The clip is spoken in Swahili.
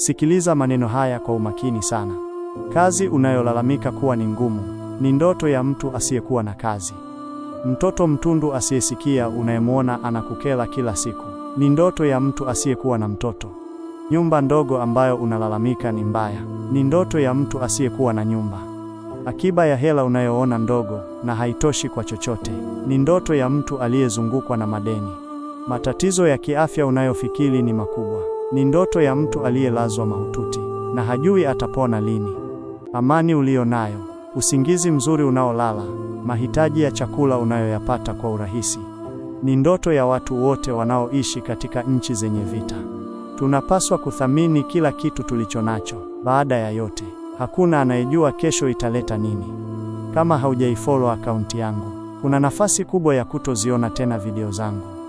Sikiliza maneno haya kwa umakini sana. Kazi unayolalamika kuwa ni ngumu ni ndoto ya mtu asiyekuwa na kazi. Mtoto mtundu asiyesikia unayemwona anakukela kila siku ni ndoto ya mtu asiyekuwa na mtoto. Nyumba ndogo ambayo unalalamika ni mbaya ni ndoto ya mtu asiyekuwa na nyumba. Akiba ya hela unayoona ndogo na haitoshi kwa chochote ni ndoto ya mtu aliyezungukwa na madeni. Matatizo ya kiafya unayofikiri ni makubwa ni ndoto ya mtu aliyelazwa mahututi na hajui atapona lini. Amani uliyo nayo, usingizi mzuri unaolala, mahitaji ya chakula unayoyapata kwa urahisi, ni ndoto ya watu wote wanaoishi katika nchi zenye vita. Tunapaswa kuthamini kila kitu tulicho nacho. Baada ya yote, hakuna anayejua kesho italeta nini. Kama haujaifollow akaunti yangu, kuna nafasi kubwa ya kutoziona tena video zangu.